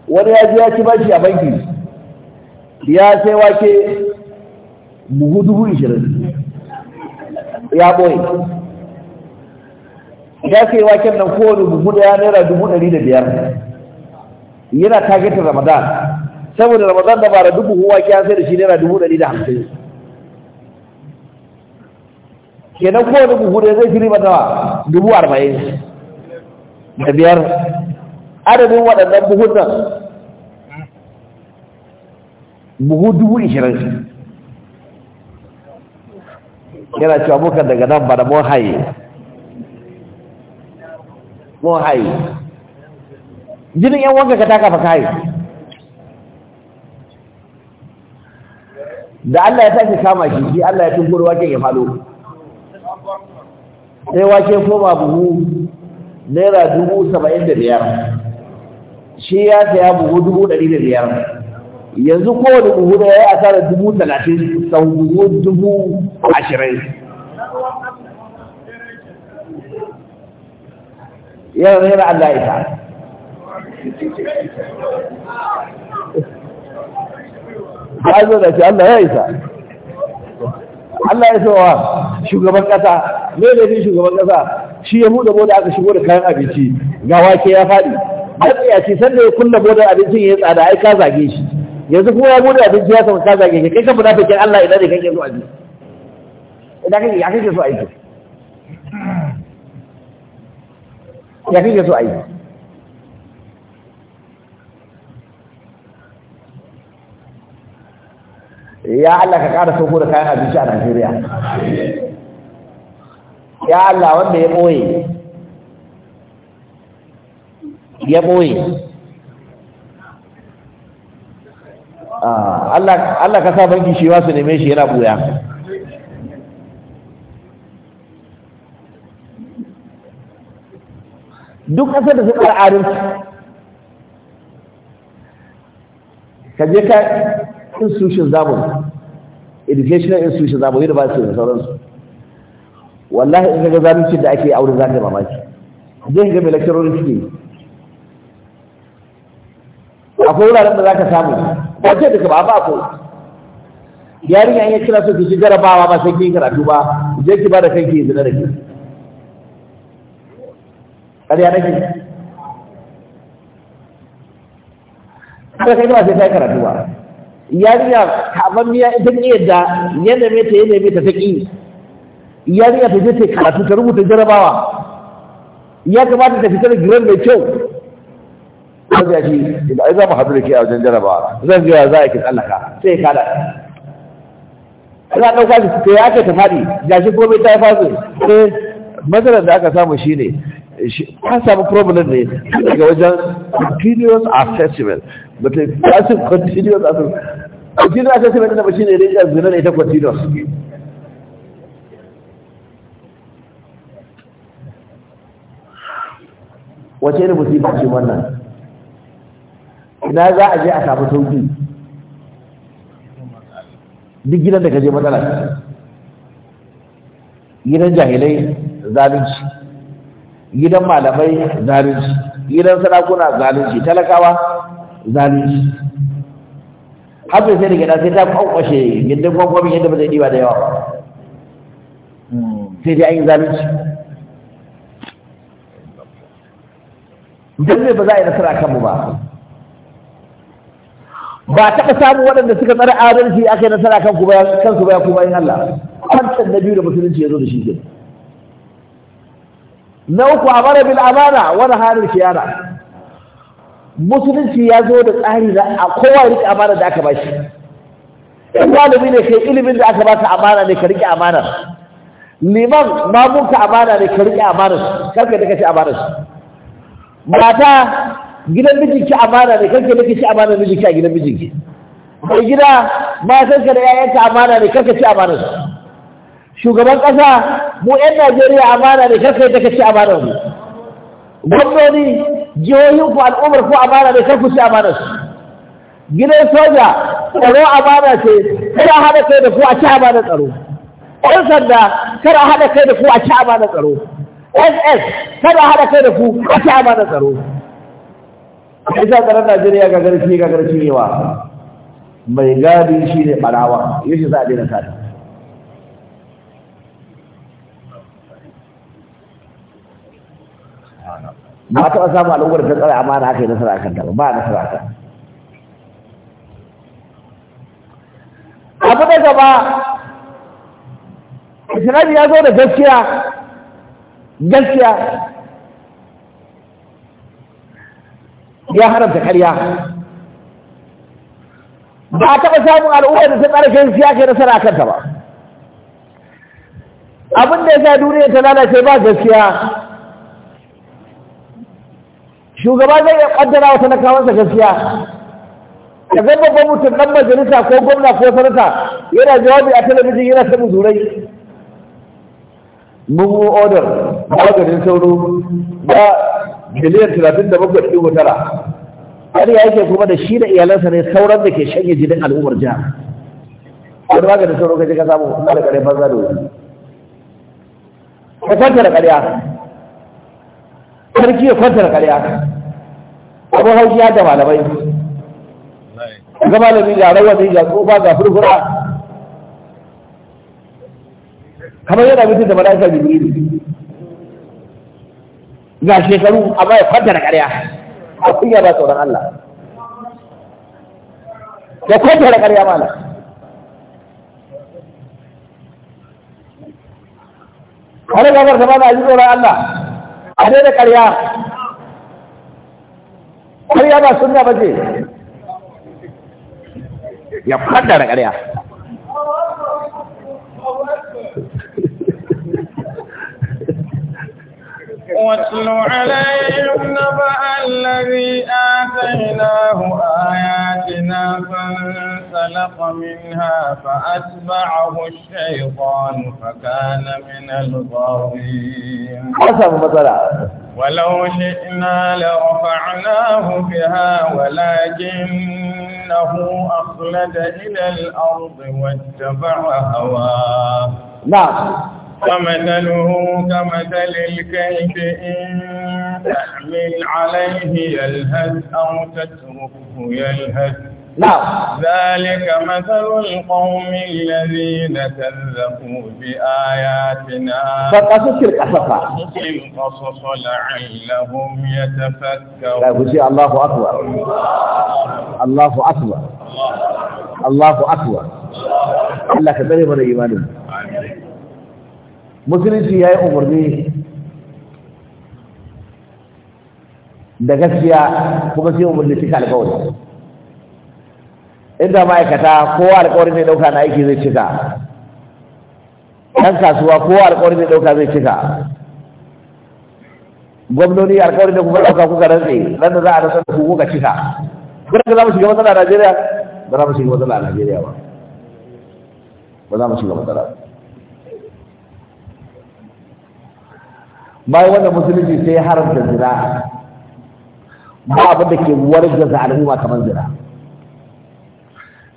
mu wani ya ji ya ci bashi a banki ya sai wake buhu dubu ishirin ya ɓoye ya sai waken nan kowane buhu da ya naira dubu ɗari da biyar yana targetin ramadan saboda ramadan da bara dubu wake ya sai da shi naira dubu ɗari da hamsin kenan kowane buhu da zai fi mata dubu arba'in da biyar adadin waɗannan buhun nan buhu dubu ishirin yana cewa muka daga nan ba da mun haye mun haye jinin yan wanka ka taka fa kayi da Allah ya sake kama shi shi Allah ya tunkuro ke ya falo sai wake koma buhu naira dubu saba'in da biyar shi ya saya buhu dubu ɗari da biyar yanzu kowane buhu da ya yi asarar dubu talatin sau buhu dubu ashirin yana naira Allah ya ta ba zo da shi Allah ya isa Allah ya sawa shugaban kasa me ne shugaban kasa shi ya bude boda aka shigo da kayan abinci ga wake ya faɗi ya ce sanda ya kunna bude abincin ya tsada ai ka zage shi yanzu kuma ya bude abinci ya samu ka zage shi kai kan munafikin Allah idan ne kake so aji idan kake ya kake so aiki ya kake so aiki ya Allah ka ƙara sauko da kayan abinci a Najeriya ya Allah wanda ya ɓoye ya ɓoye ah, Allah ka sa banki shi wasu neme shi yana ɓoya duk ƙasar da suka al'adun ka je ka institutions zamu educational institutions zamu university da sauransu wallahi in ga zalunci da ake aure za ka mamaki zai ga mai lecturer suke akwai wuraren da za ka samu ba ce da ba ba ko yarinya ne yake kira su ki jarabawa ba sai kin karatu ba je ki ba da kanki zina da ke ƙarya nake kada kai ba sai kai karatu ba yariya miya ita ne yadda ya neme ta ya neme ta ta ƙi yariya ta je ta karatu ta rubuta jarabawa ya kamata ta fitar giran mai kyau a da shi da ai za mu haɗu da ke a wajen jarabawa zan ga za a ki tsallaka sai ka da ina ɗauka shi ta ya ake ta faɗi gashi ko bai ta yi fasu sai matsalar da aka samu shine an samu problem ne daga wajen continuous assessment ba ta tashi continuous a sun continuous a sun na bashi ne rinka zina ne ta continuous wace ne musibar shi wannan ina za a je a samu sauki duk gidan da ka je matsala gidan jahilai zalunci gidan malamai zalunci gidan sarakuna zalunci talakawa zalunci haka sai da gida sai ta kwakwashe gindin kwakwamin yadda ba zai diba da yawa hmm, sai dai an yi zalunci don zai ba za a yi nasara kanmu ba ba taɓa samun waɗanda suka tsara adalci aka yi nasara kan kansu ba ya kuma yin Allah kwancan na biyu da musulunci ya zo da shi ke na uku a mara bil amana wani halin shiyara musulunci ya zo da tsari da a kowa rike amana da aka bashi in malami ne kai ilimin da aka baka amana ne ka rike amana liman mamunka amana ne ka rike amana karka da kace amana mata gidan mijinki amana ne karka da kace amana mijinki a gidan mijinki mai gida ka da ka amana ne karka ci amana shugaban kasa mu yan Najeriya amana ne karka da kace amana mu gwamnoni jihohin ku al'ummar ku amana ne kai ku ci amana su gidan soja tsaro amana ce kada hada kai da ku a ci amana tsaro ƴan sanda kada hada kai da ku a ci amana tsaro ss kada hada kai da ku a ci amana tsaro a isa tsaron najeriya ga garfi ga garfi yawa mai gadi shi ne ɓarawa yashi za a daina sata ba taɓa samun al'ummar ta tsara amana aka yi nasara akan ta ba ba nasara akan abu da gaba islam ya zo da gaskiya gaskiya ya haramta karya ba a taɓa samun al'ummar da ta tsara gaskiya ke nasara akan ta ba abin da ya sa duniya ta lalace ba gaskiya shugaba zai iya kaddara wata nakawansa gaskiya ka zai babban mutum dan majalisa ko gwamna ko sanata yana jawabi a talabijin yana ta muzurai mun mu order maganin sauro ba miliyan talatin da bakwai ɗigo tara har ya yake kuma da shi da iyalansa ne sauran da ke shanye jinin al'ummar jiha wani maganin sauro je ka samu kuma da kare banza da wuri ka kwanta da ƙarya sarki ya kwanta da ƙarya abin haushi da malamai ga malami ga rawa da ga tsofa ga furfura kamar yana mutum da mala'ika jibril ga shekaru amma ya kwanta da ƙarya a kunya ba tsoron Allah ya kwanta da ƙarya mana wani gabar da ba a ji tsoron Allah a daina ƙarya ƙarya ba sunna ba ce ya fadara ƙarya واتل عليهم نبأ الذي آتيناه آياتنا فانسلخ منها فأتبعه الشيطان فكان من الغاوين حسب مثلا ولو شئنا لرفعناه بها ولكنه أخلد إلى الأرض واتبع هواه نعم فمثله كمثل الكيف إن تحمل عليه يلهث أو تتركه يلهث نعم ذلك مثل القوم الذين كذبوا بآياتنا فقصص القصص لعلهم يتفكرون لا الله أكبر الله أكبر الله أكبر Allah ka tsare mana imanin musulunci ya yi umarni da gaskiya kuma sai umarni cika alkawari inda ma'aikata kowa alƙawarin mai ɗauka na aiki zai cika ɗan kasuwa kowa alƙawarin mai ɗauka zai cika gwamnoni alƙawarin da kuka ɗauka kuka rantse nan da za a rasa ku kuka cika kuma da za mu shiga matsala a Najeriya ba za mu shiga matsala a Najeriya ba ba za mu shiga matsala ba bayan wanda musulunci sai haramta zina ba abin da ke wargaza al'umma kamar zina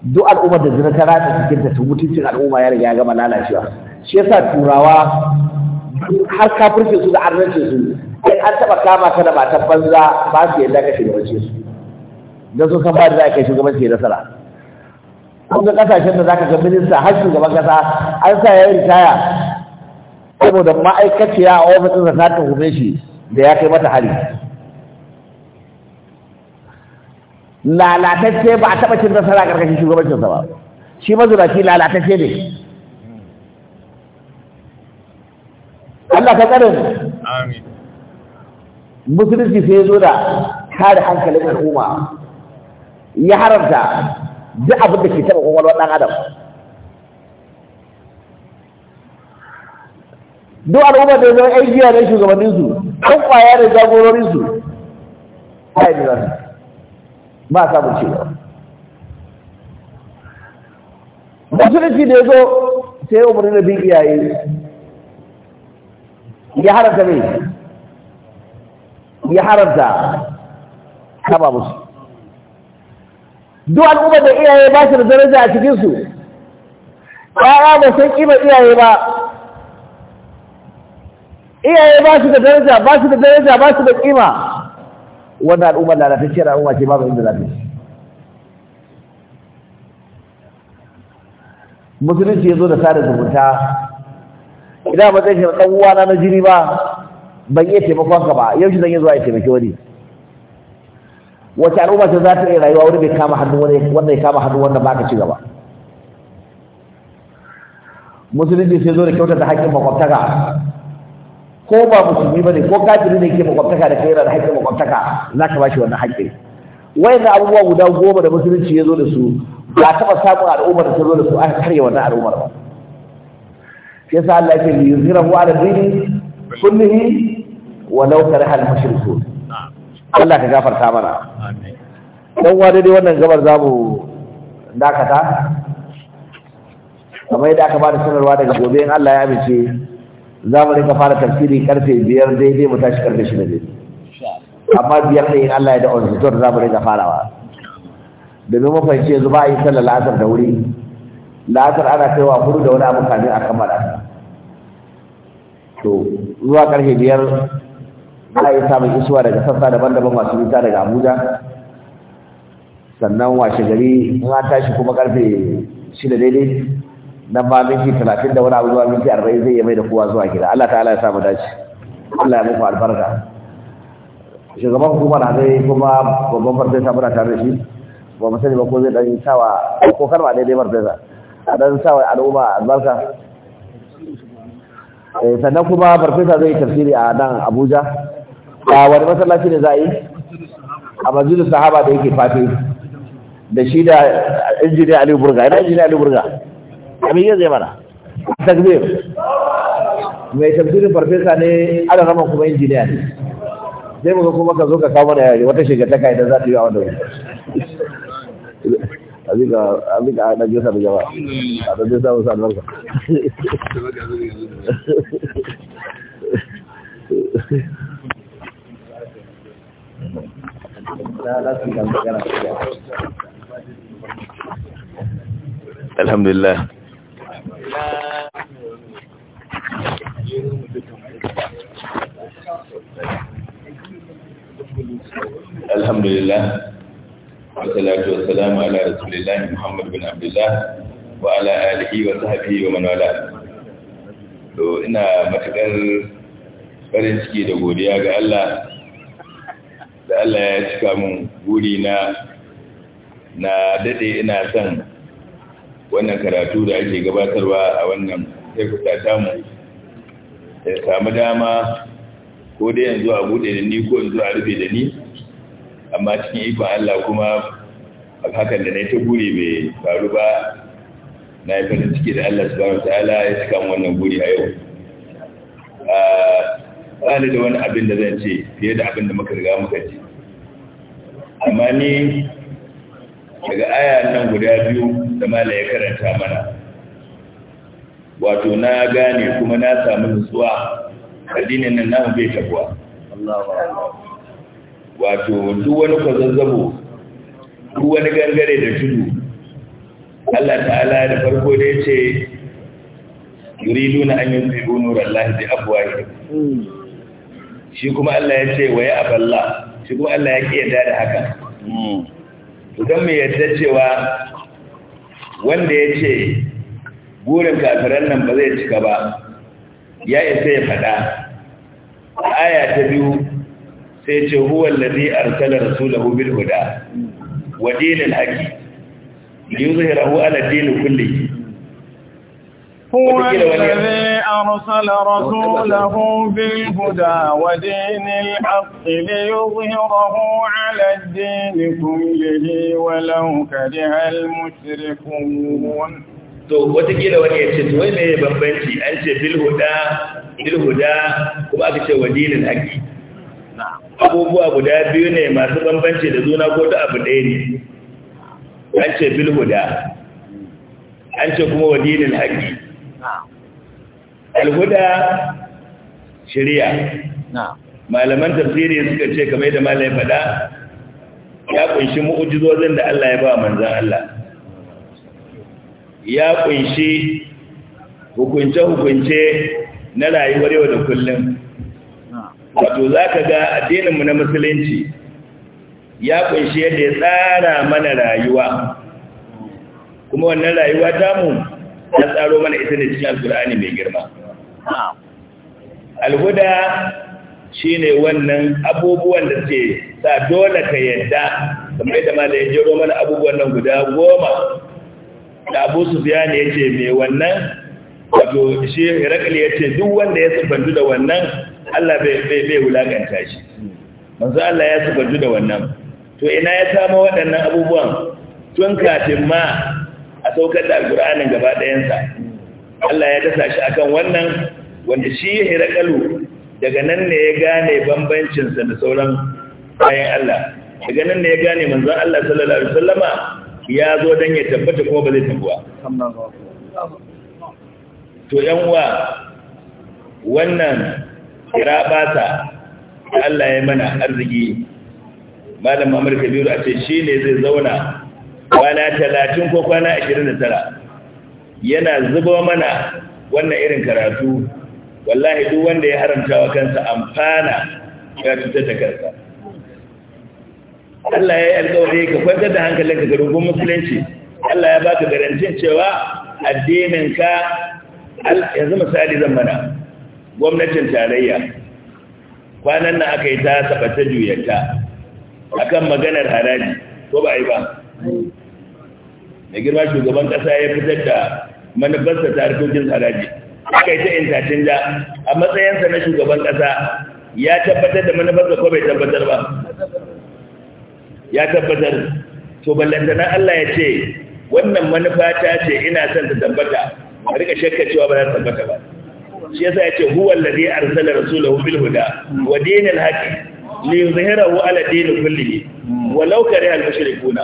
duk al'ummar da zina ta rata cikin ta mutuncin al'umma ya riga ya gama lalacewa shi yasa turawa har kafirce su da arnace su kai an taba kama ka da matan banza ba su yadda ka shugabance su don sun san ba da za a kai shugabanci ya nasara kun ga kasashen da za ka ga minista har shugaban kasa an sa ya ritaya saboda ma'aikaciya a ofisinsa ta tuhume shi da ya kai mata hari lalatacce ba a taɓa cin nasara ƙarƙashin shugabancinsa ba shi mazuraci lalatacce ne Allah ka tsarin musulunci sai ya zo da kare hankalin al'umma ya haramta duk abin da ke taɓa kwakwalwar ɗan adam duk al'umma da ya zama yan giya ne shugabanninsu ɗan ƙwaya da jagororinsu ta yi da ba ba musulunci da ya zo sai umarni da bin iyaye ya haramta ne ya haramta kaba musu duk al'ummar da iyaye ba su da daraja a cikinsu ya'ya ba san ƙima iyaye ba iyaye ba su da daraja ba su da daraja ba su da ƙima wannan al'ummar lalatacciyar al'umma ce babu inda lafiya musulunci ya zo da sada zumunta idan ba zai shiga ɗan uwana na jini ba ban iya taimakon ka ba yau shi zan yi zuwa ya taimaki wani wace al'umma ce za ta iya rayuwa wani bai kama hannu wanda ya kama hannu wanda ba ka ci gaba musulunci sai zo da kyautata haƙƙin makwabtaka ko ba musulmi ba ne ko kafiri ne ke makwabtaka da kai yana da haƙƙin makwabtaka za ka ba shi wannan Wai wayan abubuwa guda goma da musulunci ya zo da su ba taɓa samun al'ummar da ta zo da su aka karya wannan al'ummar ba shi yasa Allah yake yi zira ko ala dini kullihi law karaha al-mushrikun Allah ka gafarta mana amin dan wani dai wannan gabar zamu dakata kamar yadda aka ba da sanarwa daga gobe in Allah ya amince za mu rika fara tafsiri karfe biyar daidai mu tashi karfe shi da daidai amma biyar ne in Allah ya da onsitor za mu rika farawa domin mafi ce zuba a yi sallar la'asar da wuri la'asar ana wa huru da wani abu kamin a kammala to zuwa karfe biyar za a yi samun isuwa daga sassa daban-daban masu nisa daga abuja sannan washe gari in an tashi kuma karfe shida daidai nan ba minti talatin da wani abu zuwa minti arba'in zai iya mai da kowa zuwa gida Allah ta'ala ya samu dace Allah ya muku albarka shugaban hukumar zai kuma babban farfesa muna tare da shi ba mu sani ba ko zai dan sawa ko karba dai farfesa a dan sawa al'umma albarka eh, sannan kuma farfesa zai tafsiri a nan abuja a wani masallaci ne za a yi a majalisar sahaba da yake fati da shi da injiniya aliyu burga ina injiniya aliyu burga abin zai mana takbir mai tafsirin farfesa ne ana rama kuma injiniya ne sai muka kuma ka zo ka kawo da yare wata shiga taka idan za ta yi a wanda wani abin ka ɗan jesa da jama'a a ɗan jesa musa albarka الحمد لله الحمد لله والصلاة والسلام على رسول الله محمد بن عبد الله وعلى آله وصحبه ومن والاه to ina matakar farin ciki da godiya ga Allah da Allah ya cika mun guri na na dade ina son wannan karatu da ake gabatarwa a wannan ta tamu ya samu dama ko dai yanzu a bude da ni ko yanzu a rufe da ni amma cikin ikon Allah kuma hakan da na ta buri mai faru ba na yi fata ciki da Allah subhanahu wa ta'ala ya cika wannan guri a yau ba da wani abin da zan ce fiye da abin da muka riga muka ce amma ni daga aya nan guda biyu da mala ya karanta mana wato na gane kuma na samu nutsuwa addinin nan namu bai tabuwa wato duk wani kwazazzabo duk wani gangare da tudu Allah ta'ala da farko da ya ce yuriduna an nura nurallahi bi afwahihim hmm. shi kuma Allah ya ce wa ya aballa shi kuma Allah ya kiyada da haka hmm. don mai yadda cewa wanda ya ce burin kafiran nan ba zai cika ba ya isa ya faɗa aya ta biyu sai ce huwan lazi arsala rasulahu bil huda wa dinil haqi liyuzhirahu ala kulle. kulli هو الذي أرسل رسوله بالهدى ودين الحق ليظهره على الدين كله ولو كره المشركون to watakila wani ya ce tuwai mai bambanci an ce bilhuda kuma aka ce wadinin haƙi abubuwa guda biyu ne masu bambanci da zuna ko da abu ɗaya ne an ce bilhuda an ce kuma wadinin haƙi alhuda shari'a malaman tafsiri suka ce kamar da ya faɗa ya kunshi mu'ujizozin da Allah ya ba manzan Allah ya kunshi hukunce-hukunce na rayuwar yau da kullum wato za ka ga addininmu na musulunci ya kunshi yadda ya tsara mana rayuwa kuma wannan rayuwa tamu an tsaro mana ita ne cikin alkur'ani mai girma alhuda ne wannan abubuwan da ce sa dole ka yadda kamar yadda ma da ya jero mana abubuwan nan guda goma da abu su biya ne ya ce mai wannan wato shi herakali ya ce duk wanda ya sabbantu da wannan allah bai wulakanta shi manzo allah ya sabbantu da wannan to ina ya samu waɗannan abubuwan tun kafin ma a saukar da alƙur'anin gaba ɗayansa Allah ya dasa shi akan wannan wanda shi ya hirakalu daga nan ne ya gane bambancinsa da sauran bayan Allah daga nan ne ya gane manzon Allah sallallahu alaihi wasallama ya zo dan ya tabbata kuma ba zai tabbuwa to yan uwa wannan kira da Allah ya mana arziki malam Muhammad Kabiru a ce shi ne zai zauna kwana talatin ko kwana ashirin da tara yana zuba mana wannan irin karatu wallahi duk wanda ya haramta wa kansa amfana ya cutar da kansa Allah ya yi alƙawari ka kwantar da hankalinka ga rugun musulunci Allah ya baka garantin cewa addininka yanzu misali zan mana gwamnatin tarayya kwanan nan aka yi ta saba ta juyarta akan maganar haraji ko ba yi ba da girma shugaban kasa ya fitar da manufarsa ta harkokin haraji aka yi ta da a matsayinsa na shugaban kasa ya tabbatar da manufarsa ko bai tabbatar ba ya tabbatar to ballantana Allah ya ce wannan manufa ta ce ina son ta tabbata a rika shakka cewa ba za ta tabbata ba shi yasa ya ce huwa allazi arsala rasulahu bil huda wa dinil haqq li yuzhirahu ala dinil kullihi walau kariha al mushrikuna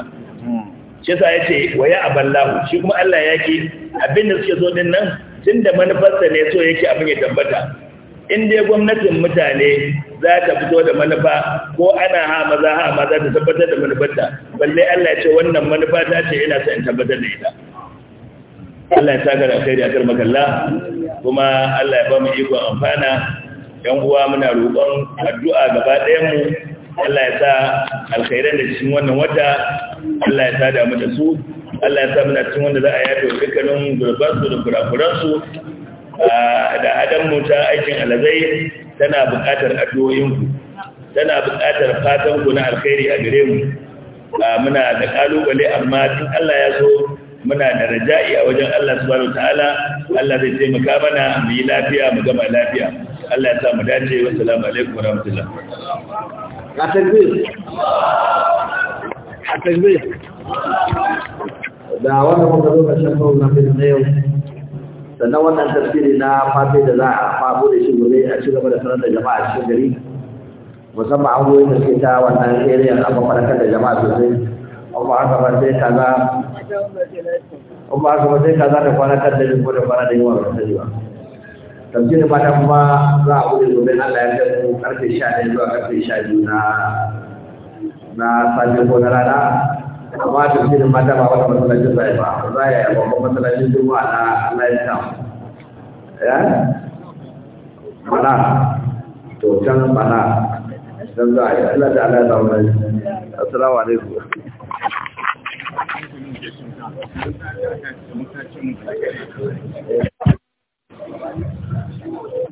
shi yasa ya ce wa ya aballahu shi kuma Allah ya abin abinda suke so din nan tunda manufarsa ne so yake abin ya tabbata in dai gwamnatin mutane za ta fito da manufa ko ana ha maza ha maza ta tabbatar da manufarta balle Allah ya ce wannan manufa ta ce ina son in tabbatar da ita Allah ya saka da kai da kar makalla. kuma Allah ya ba mu ikon amfana yan uwa muna roƙon addu'a gaba ɗayan mu Allah ya sa alkhairan da cikin wannan wata Allah ya sa da mu da su Allah ya sa muna cikin wanda za a yafe dukkanin gurbansu da kurakuransu da adam mu ta aikin alazai tana buƙatar addu'o'inku tana buƙatar fatan ku na alkhairi a gare mu muna da kalubale amma tun Allah ya so muna da raja'i a wajen Allah subhanahu ta'ala Allah zai taimaka mana mu yi lafiya mu gama lafiya Allah ya sa mu dace wassalamu alaikum warahmatullahi a takbir da wannan muka zo ƙarshen program din na yau sannan wannan tafsiri na fati da za a fabo da shi gobe a ci gaba da sanar da jama'a cikin gari musamman an goyi da suke ta wannan area a mafarakar da jama'a sosai amma haka ba sai kaza amma haka ba sai kaza da kwanakar da yin gudun fara da yawan rasari ba tafsir ba ta kuma za a wuce domin Allah ya kai mu karfe sha 11 zuwa karfe sha 12 na na safe ko na rana amma tafsir ba ta ba wata masallacin zai ba ba za a yaya ba kuma masallacin zuwa na Lion Town ya mana to can mana dan za a yi Allah da Allah ya samu rai assalamu alaikum Thank you.